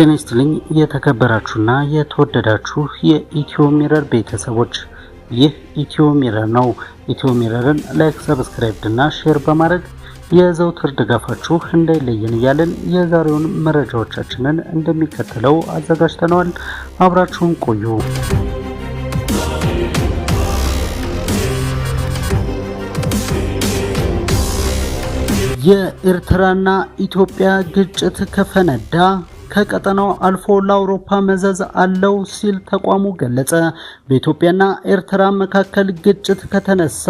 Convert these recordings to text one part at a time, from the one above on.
ጤና ይስጥልኝ የተከበራችሁና የተወደዳችሁ የኢትዮ ሚረር ቤተሰቦች፣ ይህ ኢትዮ ሚረር ነው። ኢትዮ ሚረርን ላይክ፣ ሰብስክራይብ እና ሼር በማድረግ የዘውትር ድጋፋችሁ እንዳይለየን እያለን የዛሬውን መረጃዎቻችንን እንደሚከተለው አዘጋጅተነዋል። አብራችሁን ቆዩ። የኤርትራና ኢትዮጵያ ግጭት ከፈነዳ ከቀጠናው አልፎ ለአውሮፓ መዘዝ አለው ሲል ተቋሙ ገለጸ። በኢትዮጵያና ኤርትራ መካከል ግጭት ከተነሳ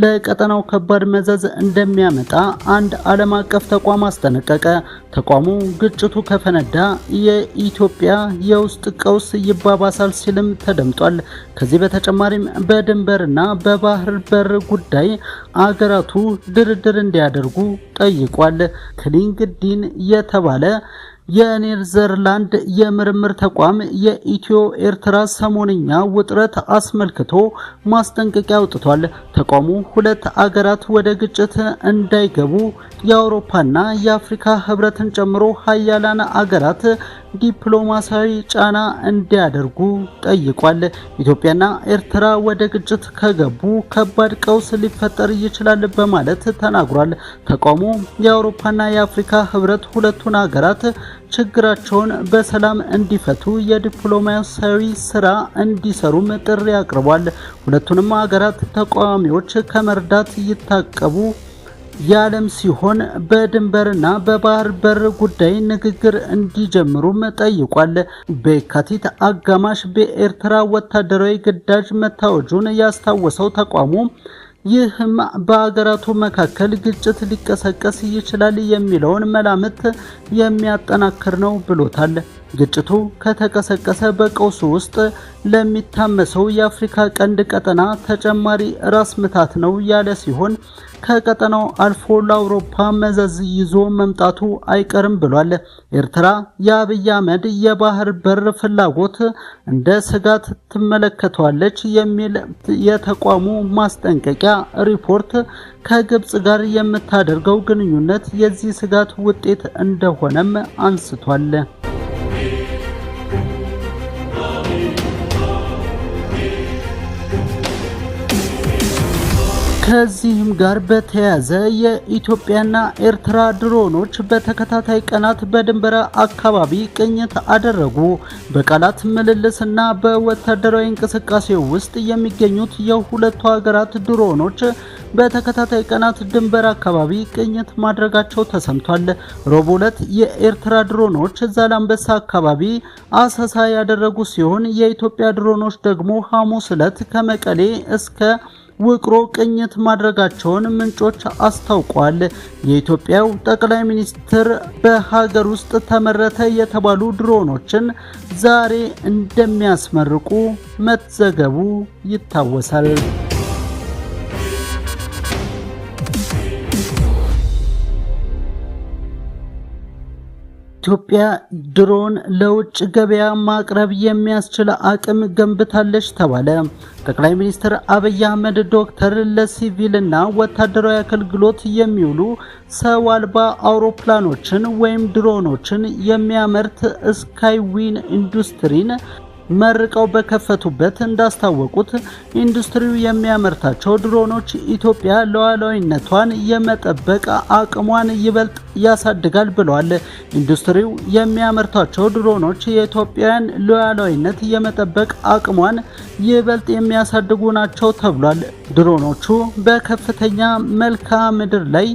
ለቀጠናው ከባድ መዘዝ እንደሚያመጣ አንድ ዓለም አቀፍ ተቋም አስጠነቀቀ። ተቋሙ ግጭቱ ከፈነዳ የኢትዮጵያ የውስጥ ቀውስ ይባባሳል ሲልም ተደምጧል። ከዚህ በተጨማሪም በድንበርና በባህር በር ጉዳይ አገራቱ ድርድር እንዲያደርጉ ጠይቋል። ክሊንግዲን የተባለ የኔዘርላንድ የምርምር ተቋም የኢትዮ ኤርትራ ሰሞንኛ ውጥረት አስመልክቶ ማስጠንቀቂያ አውጥቷል። ተቋሙ ሁለት አገራት ወደ ግጭት እንዳይገቡ የአውሮፓና የአፍሪካ ህብረትን ጨምሮ ሀያላን አገራት ዲፕሎማሲያዊ ጫና እንዲያደርጉ ጠይቋል። ኢትዮጵያና ኤርትራ ወደ ግጭት ከገቡ ከባድ ቀውስ ሊፈጠር ይችላል በማለት ተናግሯል። ተቋሙ የአውሮፓና የአፍሪካ ህብረት ሁለቱን አገራት ችግራቸውን በሰላም እንዲፈቱ የዲፕሎማሲያዊ ስራ እንዲሰሩም ጥሪ አቅርቧል። ሁለቱንም ሀገራት ተቃዋሚዎች ከመርዳት ይታቀቡ የዓለም ሲሆን በድንበርና በባህር በር ጉዳይ ንግግር እንዲጀምሩም ጠይቋል። በየካቲት አጋማሽ በኤርትራ ወታደራዊ ግዳጅ መታወጁን ያስታወሰው ተቋሙ ይህም በሀገራቱ መካከል ግጭት ሊቀሰቀስ ይችላል የሚለውን መላምት የሚያጠናክር ነው ብሎታል። ግጭቱ ከተቀሰቀሰ በቀውሱ ውስጥ ለሚታመሰው የአፍሪካ ቀንድ ቀጠና ተጨማሪ ራስ ምታት ነው ያለ ሲሆን ከቀጠናው አልፎ ለአውሮፓ መዘዝ ይዞ መምጣቱ አይቀርም ብሏል። ኤርትራ የአብይ አህመድ የባህር በር ፍላጎት እንደ ስጋት ትመለከተዋለች የሚል የተቋሙ ማስጠንቀቂያ ሪፖርት ከግብጽ ጋር የምታደርገው ግንኙነት የዚህ ስጋት ውጤት እንደሆነም አንስቷል። ከዚህም ጋር በተያያዘ የኢትዮጵያና ኤርትራ ድሮኖች በተከታታይ ቀናት በድንበራ አካባቢ ቅኝት አደረጉ። በቃላት ምልልስና በወታደራዊ እንቅስቃሴ ውስጥ የሚገኙት የሁለቱ ሀገራት ድሮኖች በተከታታይ ቀናት ድንበር አካባቢ ቅኝት ማድረጋቸው ተሰምቷል። ሮብ ዕለት የኤርትራ ድሮኖች ዛላንበሳ አካባቢ አሰሳ ያደረጉ ሲሆን የኢትዮጵያ ድሮኖች ደግሞ ሐሙስ ዕለት ከመቀሌ እስከ ውቅሮ ቅኝት ማድረጋቸውን ምንጮች አስታውቋል። የኢትዮጵያው ጠቅላይ ሚኒስትር በሀገር ውስጥ ተመረተ የተባሉ ድሮኖችን ዛሬ እንደሚያስመርቁ መዘገቡ ይታወሳል። ኢትዮጵያ ድሮን ለውጭ ገበያ ማቅረብ የሚያስችል አቅም ገንብታለች ተባለ። ጠቅላይ ሚኒስትር አብይ አህመድ ዶክተር ለሲቪልና ወታደራዊ አገልግሎት የሚውሉ ሰው አልባ አውሮፕላኖችን ወይም ድሮኖችን የሚያመርት ስካይዊን ኢንዱስትሪን መርቀው በከፈቱበት እንዳስታወቁት ኢንዱስትሪው የሚያመርታቸው ድሮኖች ኢትዮጵያ ሉዓላዊነቷን የመጠበቅ አቅሟን ይበልጥ ያሳድጋል ብለዋል። ኢንዱስትሪው የሚያመርታቸው ድሮኖች የኢትዮጵያን ሉዓላዊነት የመጠበቅ አቅሟን ይበልጥ የሚያሳድጉ ናቸው ተብሏል። ድሮኖቹ በከፍተኛ መልክዓ ምድር ላይ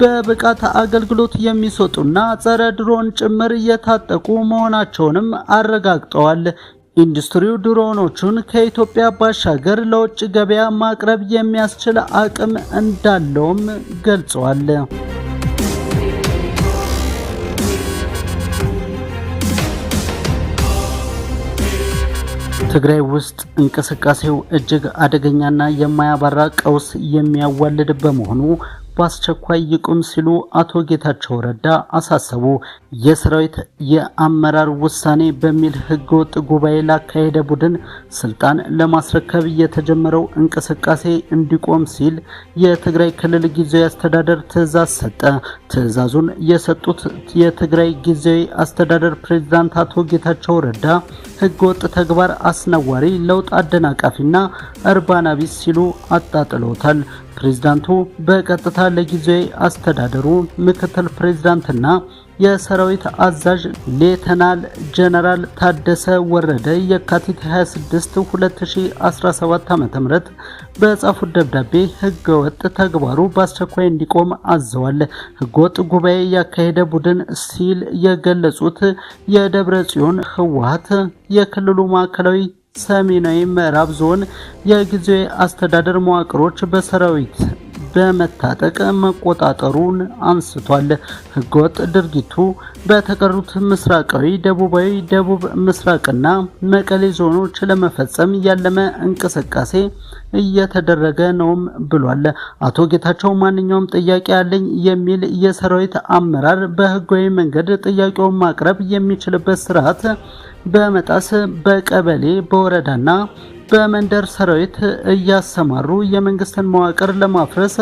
በብቃት አገልግሎት የሚሰጡና ጸረ ድሮን ጭምር እየታጠቁ መሆናቸውንም አረጋግጠዋል። ኢንዱስትሪው ድሮኖቹን ከኢትዮጵያ ባሻገር ለውጭ ገበያ ማቅረብ የሚያስችል አቅም እንዳለውም ገልጿል። ትግራይ ውስጥ እንቅስቃሴው እጅግ አደገኛና የማያባራ ቀውስ የሚያዋልድ በመሆኑ በአስቸኳይ ይቁም ሲሉ አቶ ጌታቸው ረዳ አሳሰቡ። የሰራዊት የአመራር ውሳኔ በሚል ህገወጥ ጉባኤ ላካሄደ ቡድን ስልጣን ለማስረከብ የተጀመረው እንቅስቃሴ እንዲቆም ሲል የትግራይ ክልል ጊዜያዊ አስተዳደር ትዕዛዝ ሰጠ። ትዕዛዙን የሰጡት የትግራይ ጊዜያዊ አስተዳደር ፕሬዝዳንት አቶ ጌታቸው ረዳ ህገወጥ ተግባር አስነዋሪ፣ ለውጥ አደናቃፊና እርባና ቢስ ሲሉ አጣጥለውታል። ፕሬዝዳንቱ በቀጥታ ለጊዜያዊ አስተዳደሩ ምክትል ፕሬዝዳንትና የሰራዊት አዛዥ ሌተናል ጀነራል ታደሰ ወረደ የካቲት 26 2017 ም በጻፉት ደብዳቤ ህገወጥ ተግባሩ በአስቸኳይ እንዲቆም አዘዋል። ህገወጥ ጉባኤ ያካሄደ ቡድን ሲል የገለጹት የደብረ ጽዮን ህወሀት የክልሉ ማዕከላዊ ሰሜናዊ ምዕራብ ዞን የጊዜያዊ አስተዳደር መዋቅሮች በሰራዊት በመታጠቅ መቆጣጠሩን አንስቷል። ህገወጥ ድርጊቱ በተቀሩት ምስራቃዊ፣ ደቡባዊ፣ ደቡብ ምስራቅና መቀሌ ዞኖች ለመፈጸም ያለመ እንቅስቃሴ እየተደረገ ነውም ብሏል። አቶ ጌታቸው ማንኛውም ጥያቄ አለኝ የሚል የሰራዊት አመራር በህጋዊ መንገድ ጥያቄውን ማቅረብ የሚችልበት ስርዓት በመጣስ በቀበሌ በወረዳና በመንደር ሰራዊት እያሰማሩ የመንግስትን መዋቅር ለማፍረስ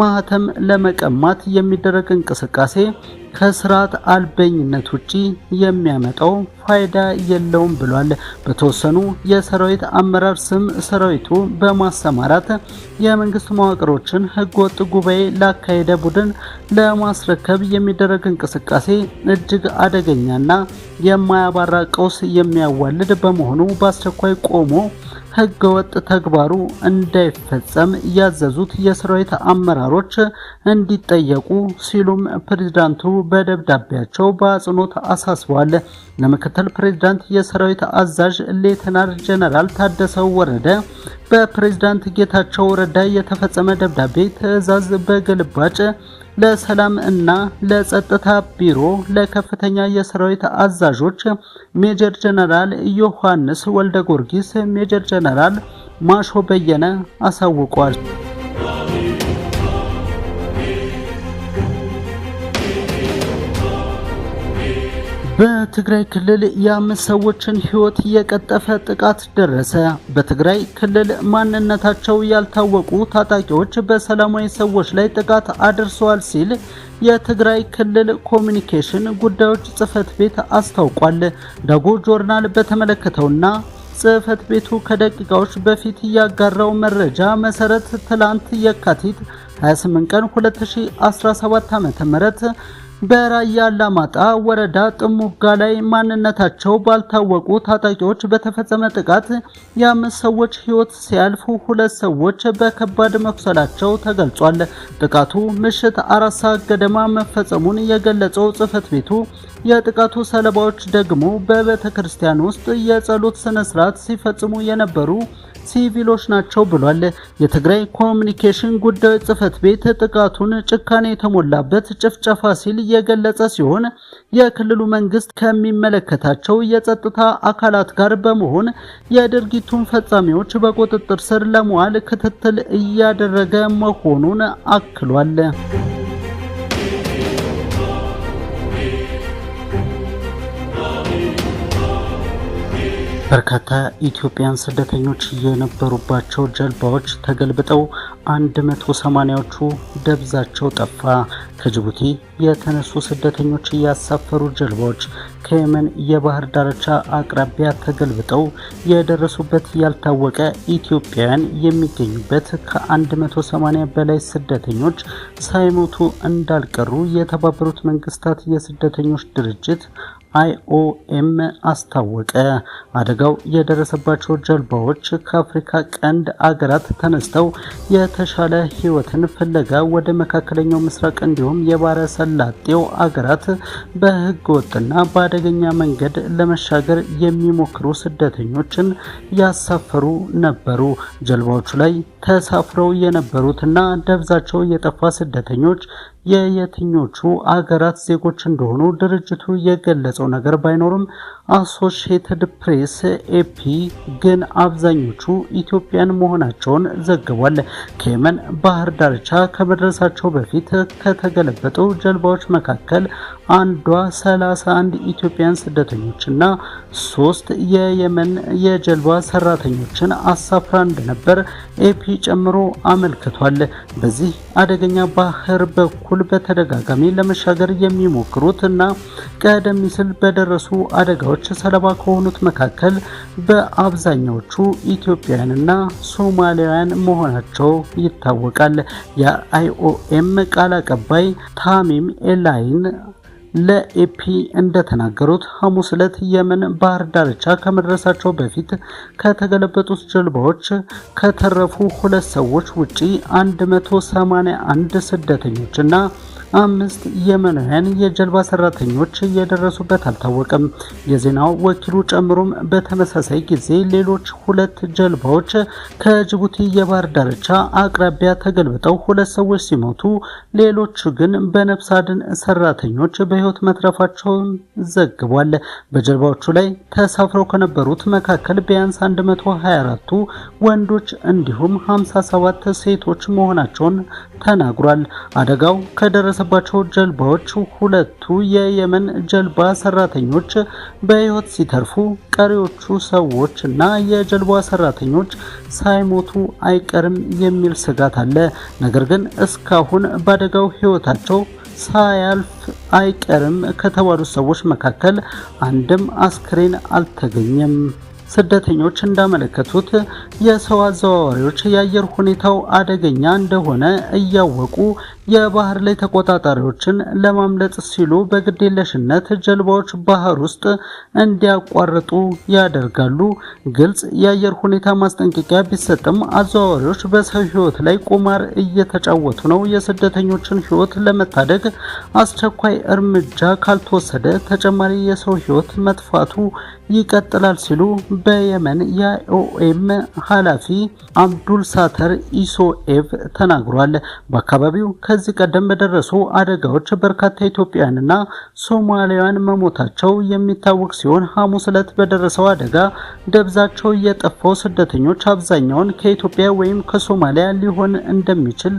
ማህተም ለመቀማት የሚደረግ እንቅስቃሴ ከስርዓት አልበኝነት ውጪ የሚያመጣው ፋይዳ የለውም ብሏል። በተወሰኑ የሰራዊት አመራር ስም ሰራዊቱ በማሰማራት የመንግስት መዋቅሮችን ህገወጥ ጉባኤ ላካሄደ ቡድን ለማስረከብ የሚደረግ እንቅስቃሴ እጅግ አደገኛና የማያባራ ቀውስ የሚያዋልድ በመሆኑ በአስቸኳይ ቆሞ ህገወጥ ተግባሩ እንዳይፈጸም ያዘዙት የሰራዊት አመራሮች እንዲጠየቁ ሲሉም ፕሬዝዳንቱ በደብዳቤያቸው በአጽንኦት አሳስበዋል። ለምክትል ፕሬዝዳንት የሰራዊት አዛዥ ሌተናር ጀነራል ታደሰው ወረደ በፕሬዝዳንት ጌታቸው ረዳ የተፈጸመ ደብዳቤ ትዕዛዝ በግልባጭ ለሰላም እና ለጸጥታ ቢሮ ለከፍተኛ የሰራዊት አዛዦች ሜጀር ጀነራል ዮሐንስ ወልደ ጊዮርጊስ፣ ሜጀር ጀነራል ማሾ በየነ አሳውቋል። በትግራይ ክልል የአምስት ሰዎችን ሕይወት የቀጠፈ ጥቃት ደረሰ። በትግራይ ክልል ማንነታቸው ያልታወቁ ታጣቂዎች በሰላማዊ ሰዎች ላይ ጥቃት አድርሰዋል ሲል የትግራይ ክልል ኮሚኒኬሽን ጉዳዮች ጽህፈት ቤት አስታውቋል። ዳጉ ጆርናል በተመለከተውና ጽሕፈት ቤቱ ከደቂቃዎች በፊት ያጋራው መረጃ መሰረት ትላንት የካቲት 28 ቀን 2017 ዓ.ም በራያ አላማጣ ወረዳ ጥሙጋ ላይ ማንነታቸው ባልታወቁ ታጣቂዎች በተፈጸመ ጥቃት የአምስት ሰዎች ሕይወት ሲያልፉ፣ ሁለት ሰዎች በከባድ መቁሰላቸው ተገልጿል። ጥቃቱ ምሽት አራት ሰዓት ገደማ መፈጸሙን የገለጸው ጽህፈት ቤቱ የጥቃቱ ሰለባዎች ደግሞ በቤተ ክርስቲያን ውስጥ የጸሎት ስነ ስርዓት ሲፈጽሙ የነበሩ ሲቪሎች ናቸው ብሏል። የትግራይ ኮሚኒኬሽን ጉዳዮች ጽህፈት ቤት ጥቃቱን ጭካኔ የተሞላበት ጭፍጨፋ ሲል የገለጸ ሲሆን የክልሉ መንግስት ከሚመለከታቸው የጸጥታ አካላት ጋር በመሆን የድርጊቱን ፈጻሚዎች በቁጥጥር ስር ለመዋል ክትትል እያደረገ መሆኑን አክሏል። በርካታ ኢትዮጵያን ስደተኞች የነበሩባቸው ጀልባዎች ተገልብጠው 180ዎቹ ደብዛቸው ጠፋ። ከጅቡቲ የተነሱ ስደተኞች ያሳፈሩ ጀልባዎች ከየመን የባህር ዳርቻ አቅራቢያ ተገልብጠው የደረሱበት ያልታወቀ ኢትዮጵያውያን የሚገኙበት ከ180 በላይ ስደተኞች ሳይሞቱ እንዳልቀሩ የተባበሩት መንግስታት የስደተኞች ድርጅት አይኦኤም አስታወቀ። አደጋው የደረሰባቸው ጀልባዎች ከአፍሪካ ቀንድ አገራት ተነስተው የተሻለ ሕይወትን ፍለጋ ወደ መካከለኛው ምስራቅ እንዲሁም የባህረ ሰላጤው አገራት በህገወጥና በአደገኛ መንገድ ለመሻገር የሚሞክሩ ስደተኞችን ያሳፈሩ ነበሩ። ጀልባዎቹ ላይ ተሳፍረው የነበሩትና ደብዛቸው የጠፋ ስደተኞች የየትኞቹ አገራት ዜጎች እንደሆኑ ድርጅቱ የገለጸው ነገር ባይኖርም አሶሺየትድ ፕሬስ፣ ኤፒ ግን አብዛኞቹ ኢትዮጵያን መሆናቸውን ዘግቧል። ከየመን ባህር ዳርቻ ከመድረሳቸው በፊት ከተገለበጡ ጀልባዎች መካከል አንዷ 31 ኢትዮጵያን ስደተኞችና ሶስት የየመን የጀልባ ሰራተኞችን አሳፍራ እንደነበር ኤፒ ጨምሮ አመልክቷል። በዚህ አደገኛ ባህር በኩል በተደጋጋሚ ለመሻገር የሚሞክሩት እና ቀደም ሲል በደረሱ አደጋዎች ግድያዎች ሰለባ ከሆኑት መካከል በአብዛኛዎቹ ኢትዮጵያውያንና ሶማሊያውያን መሆናቸው ይታወቃል። የአይኦኤም ቃል አቀባይ ታሚም ኤላይን ለኤፒ እንደተናገሩት ሐሙስ ዕለት የመን ባህር ዳርቻ ከመድረሳቸው በፊት ከተገለበጡት ጀልባዎች ከተረፉ ሁለት ሰዎች ውጪ 181 ስደተኞችና አምስት የመናውያን የጀልባ ሰራተኞች እየደረሱበት አልታወቀም። የዜናው ወኪሉ ጨምሮም በተመሳሳይ ጊዜ ሌሎች ሁለት ጀልባዎች ከጅቡቲ የባህር ዳርቻ አቅራቢያ ተገልብጠው ሁለት ሰዎች ሲሞቱ፣ ሌሎቹ ግን በነፍስ አድን ሰራተኞች በህይወት መትረፋቸውን ዘግቧል። በጀልባዎቹ ላይ ተሳፍረው ከነበሩት መካከል ቢያንስ 124ቱ ወንዶች እንዲሁም 57 ሴቶች መሆናቸውን ተናግሯል። አደጋው ከደረሰ ከደረሰባቸው ጀልባዎች ሁለቱ የየመን ጀልባ ሰራተኞች በህይወት ሲተርፉ ቀሪዎቹ ሰዎች እና የጀልባ ሰራተኞች ሳይሞቱ አይቀርም የሚል ስጋት አለ። ነገር ግን እስካሁን በአደጋው ህይወታቸው ሳያልፍ አይቀርም ከተባሉት ሰዎች መካከል አንድም አስክሬን አልተገኘም። ስደተኞች እንዳመለከቱት የሰው አዘዋዋሪዎች የአየር ሁኔታው አደገኛ እንደሆነ እያወቁ የባህር ላይ ተቆጣጣሪዎችን ለማምለጥ ሲሉ በግዴለሽነት ጀልባዎች ባህር ውስጥ እንዲያቋርጡ ያደርጋሉ። ግልጽ የአየር ሁኔታ ማስጠንቀቂያ ቢሰጥም አዘዋዋሪዎች በሰው ሕይወት ላይ ቁማር እየተጫወቱ ነው። የስደተኞችን ሕይወት ለመታደግ አስቸኳይ እርምጃ ካልተወሰደ ተጨማሪ የሰው ሕይወት መጥፋቱ ይቀጥላል ሲሉ በየመን የኦኤም ኃላፊ አብዱል ሳተር ኢሶኤቭ ተናግሯል። በአካባቢው ከዚህ ቀደም በደረሱ አደጋዎች በርካታ ኢትዮጵያውያንና ሶማሊያውያን መሞታቸው የሚታወቅ ሲሆን ሐሙስ ዕለት በደረሰው አደጋ ደብዛቸው የጠፋው ስደተኞች አብዛኛውን ከኢትዮጵያ ወይም ከሶማሊያ ሊሆን እንደሚችል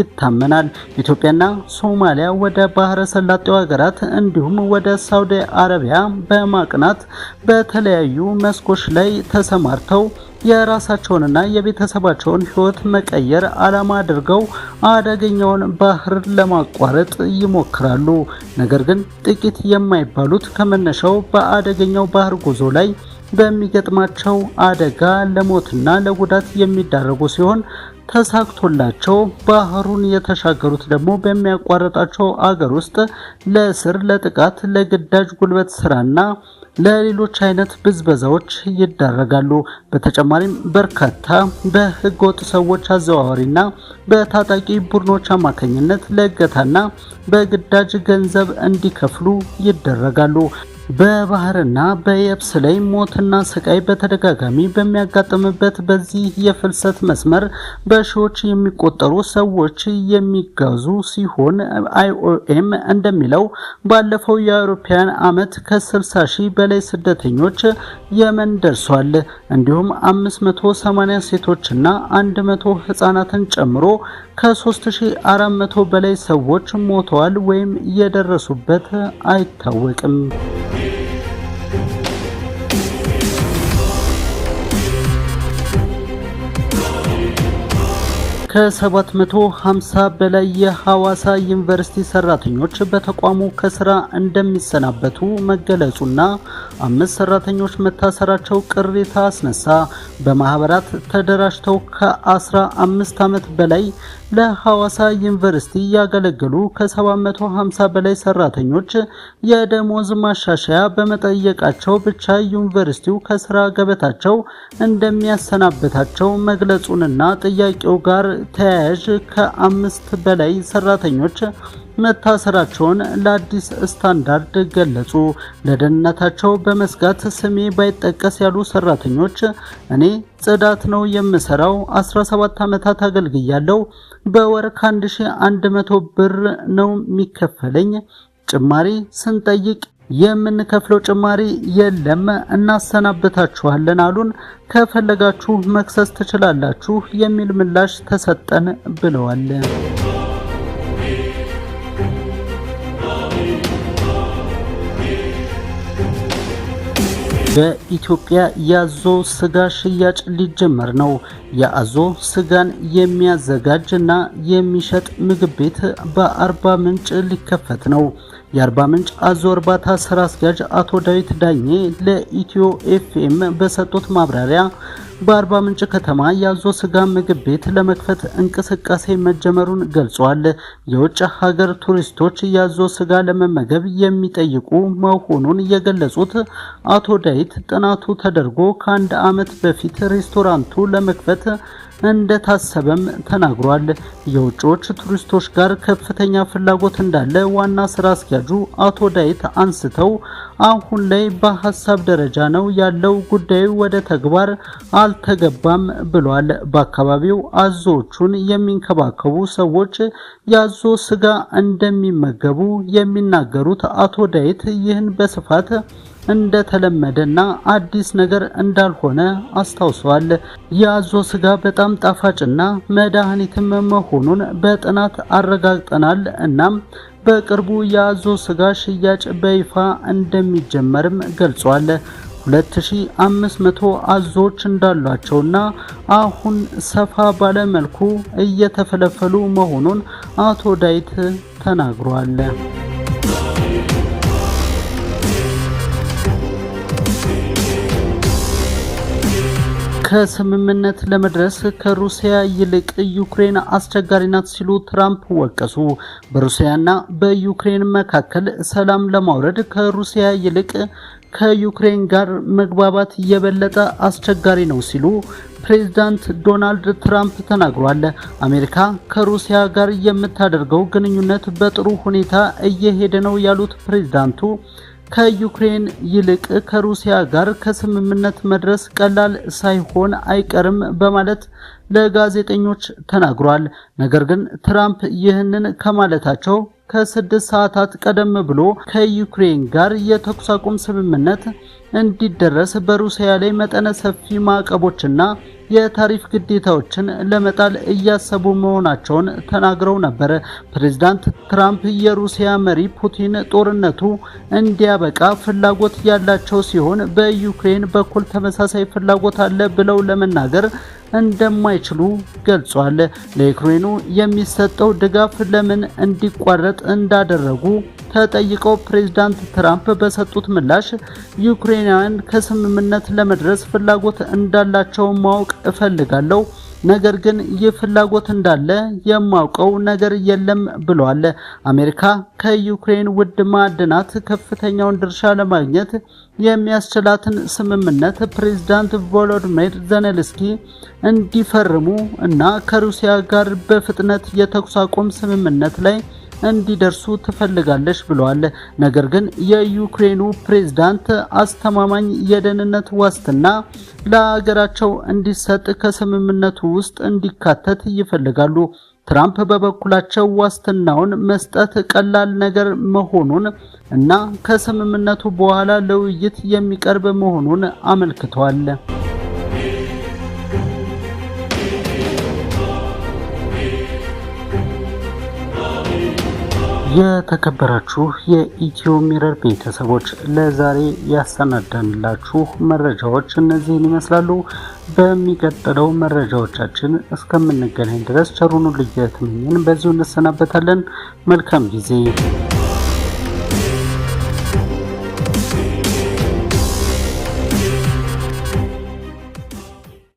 ይታመናል። ኢትዮጵያና ሶማሊያ ወደ ባህረ ሰላጤው ሀገራት እንዲሁም ወደ ሳውዲ አረቢያ በማቅናት በተለያዩ መስኮች ላይ ተሰማርተው የራሳቸውንና የቤተሰባቸውን ሕይወት መቀየር ዓላማ አድርገው አደገኛውን ባህር ለማቋረጥ ይሞክራሉ። ነገር ግን ጥቂት የማይባሉት ከመነሻው በአደገኛው ባህር ጉዞ ላይ በሚገጥማቸው አደጋ ለሞትና ለጉዳት የሚዳረጉ ሲሆን ተሳክቶላቸው ባህሩን የተሻገሩት ደግሞ በሚያቋርጣቸው አገር ውስጥ ለእስር፣ ለጥቃት፣ ለግዳጅ ጉልበት ስራና ለሌሎች አይነት ብዝበዛዎች ይዳረጋሉ። በተጨማሪም በርካታ በህገወጥ ሰዎች አዘዋዋሪና በታጣቂ ቡድኖች አማካኝነት ለእገታና በግዳጅ ገንዘብ እንዲከፍሉ ይደረጋሉ። በባህርና በየብስ ላይ ሞትና ስቃይ በተደጋጋሚ በሚያጋጥምበት በዚህ የፍልሰት መስመር በሺዎች የሚቆጠሩ ሰዎች የሚጋዙ ሲሆን አይኦኤም እንደሚለው ባለፈው የአውሮፓውያን አመት ከ60 ሺህ በላይ ስደተኞች የመን ደርሷል። እንዲሁም 580 ሴቶችና 100 ህጻናትን ጨምሮ ከ3400 በላይ ሰዎች ሞተዋል ወይም የደረሱበት አይታወቅም። ከ750 በላይ የሐዋሳ ዩኒቨርሲቲ ሰራተኞች በተቋሙ ከስራ እንደሚሰናበቱ መገለጹና አምስት ሰራተኞች መታሰራቸው ቅሬታ አስነሳ። በማህበራት ተደራጅተው ከ15 ዓመት በላይ ለሐዋሳ ዩኒቨርሲቲ ያገለገሉ ከ750 በላይ ሰራተኞች የደሞዝ ማሻሻያ በመጠየቃቸው ብቻ ዩኒቨርሲቲው ከስራ ገበታቸው እንደሚያሰናበታቸው መግለጹንና ጥያቄው ጋር ተያያዥ ከአምስት በላይ ሰራተኞች መታሰራቸውን ለአዲስ ስታንዳርድ ገለጹ። ለደህንነታቸው በመስጋት ስሜ ባይጠቀስ ያሉ ሰራተኞች እኔ ጽዳት ነው የምሰራው፣ 17 ዓመታት አገልግያለሁ፣ በወር ከ1100 ብር ነው የሚከፈለኝ። ጭማሪ ስንጠይቅ የምንከፍለው ጭማሪ የለም፣ እናሰናብታችኋለን አሉን። ከፈለጋችሁ መክሰስ ትችላላችሁ የሚል ምላሽ ተሰጠን ብለዋል። በኢትዮጵያ የአዞ ስጋ ሽያጭ ሊጀመር ነው። የአዞ ስጋን የሚያዘጋጅና የሚሸጥ ምግብ ቤት በአርባ ምንጭ ሊከፈት ነው። የአርባ ምንጭ አዞ እርባታ ስራ አስኪያጅ አቶ ዳዊት ዳኜ ለኢትዮ ኤፍኤም በሰጡት ማብራሪያ በአርባ ምንጭ ከተማ ያዞ ስጋ ምግብ ቤት ለመክፈት እንቅስቃሴ መጀመሩን ገልጿል። የውጭ ሀገር ቱሪስቶች ያዞ ስጋ ለመመገብ የሚጠይቁ መሆኑን የገለጹት አቶ ዳይት ጥናቱ ተደርጎ ከአንድ ዓመት በፊት ሬስቶራንቱ ለመክፈት እንደታሰበም ተናግሯል። የውጭዎች ቱሪስቶች ጋር ከፍተኛ ፍላጎት እንዳለ ዋና ስራ አስኪያጁ አቶ ዳይት አንስተው አሁን ላይ በሀሳብ ደረጃ ነው ያለው ጉዳዩ ወደ ተግባር አ አልተገባም ብሏል። በአካባቢው አዞዎቹን የሚንከባከቡ ሰዎች የአዞ ስጋ እንደሚመገቡ የሚናገሩት አቶ ዳይት ይህን በስፋት እንደተለመደና አዲስ ነገር እንዳልሆነ አስታውሰዋል። የአዞ ስጋ በጣም ጣፋጭና መድኃኒትም መሆኑን በጥናት አረጋግጠናል። እናም በቅርቡ የአዞ ስጋ ሽያጭ በይፋ እንደሚጀመርም ገልጿል። 2500 አዞዎች እንዳሏቸውና አሁን ሰፋ ባለ መልኩ እየተፈለፈሉ መሆኑን አቶ ዳይት ተናግሯል። ከስምምነት ለመድረስ ከሩሲያ ይልቅ ዩክሬን አስቸጋሪ ናት ሲሉ ትራምፕ ወቀሱ። በሩሲያና በዩክሬን መካከል ሰላም ለማውረድ ከሩሲያ ይልቅ ከዩክሬን ጋር መግባባት የበለጠ አስቸጋሪ ነው ሲሉ ፕሬዚዳንት ዶናልድ ትራምፕ ተናግሯል። አሜሪካ ከሩሲያ ጋር የምታደርገው ግንኙነት በጥሩ ሁኔታ እየሄደ ነው ያሉት ፕሬዚዳንቱ ከዩክሬን ይልቅ ከሩሲያ ጋር ከስምምነት መድረስ ቀላል ሳይሆን አይቀርም በማለት ለጋዜጠኞች ተናግሯል። ነገር ግን ትራምፕ ይህንን ከማለታቸው ከስድስት ሰዓታት ቀደም ብሎ ከዩክሬን ጋር የተኩስ አቁም ስምምነት እንዲደረስ በሩሲያ ላይ መጠነ ሰፊ ማዕቀቦችና የታሪፍ ግዴታዎችን ለመጣል እያሰቡ መሆናቸውን ተናግረው ነበር። ፕሬዝዳንት ትራምፕ የሩሲያ መሪ ፑቲን ጦርነቱ እንዲያበቃ ፍላጎት ያላቸው ሲሆን በዩክሬን በኩል ተመሳሳይ ፍላጎት አለ ብለው ለመናገር እንደማይችሉ ገልጿል። ለዩክሬኑ የሚሰጠው ድጋፍ ለምን እንዲቋረጥ እንዳደረጉ ተጠይቀው ፕሬዝዳንት ትራምፕ በሰጡት ምላሽ ዩክሬን ፍልስጤናውያን ከስምምነት ለመድረስ ፍላጎት እንዳላቸው ማወቅ እፈልጋለሁ። ነገር ግን ይህ ፍላጎት እንዳለ የማውቀው ነገር የለም ብለዋል። አሜሪካ ከዩክሬን ውድ ማዕድናት ከፍተኛውን ድርሻ ለማግኘት የሚያስችላትን ስምምነት ፕሬዚዳንት ቮሎዲሚር ዘኔልስኪ እንዲፈርሙ እና ከሩሲያ ጋር በፍጥነት የተኩስ አቁም ስምምነት ላይ እንዲደርሱ ትፈልጋለች ብለዋል። ነገር ግን የዩክሬኑ ፕሬዝዳንት አስተማማኝ የደህንነት ዋስትና ለሀገራቸው እንዲሰጥ ከስምምነቱ ውስጥ እንዲካተት ይፈልጋሉ። ትራምፕ በበኩላቸው ዋስትናውን መስጠት ቀላል ነገር መሆኑን እና ከስምምነቱ በኋላ ለውይይት የሚቀርብ መሆኑን አመልክተዋል። የተከበራችሁ የኢትዮ ሚረር ቤተሰቦች ለዛሬ ያሰናዳንላችሁ መረጃዎች እነዚህን ይመስላሉ። በሚቀጥለው መረጃዎቻችን እስከምንገናኝ ድረስ ቸሩኑ ልዩ ተመኘን በዚሁ እንሰናበታለን። መልካም ጊዜ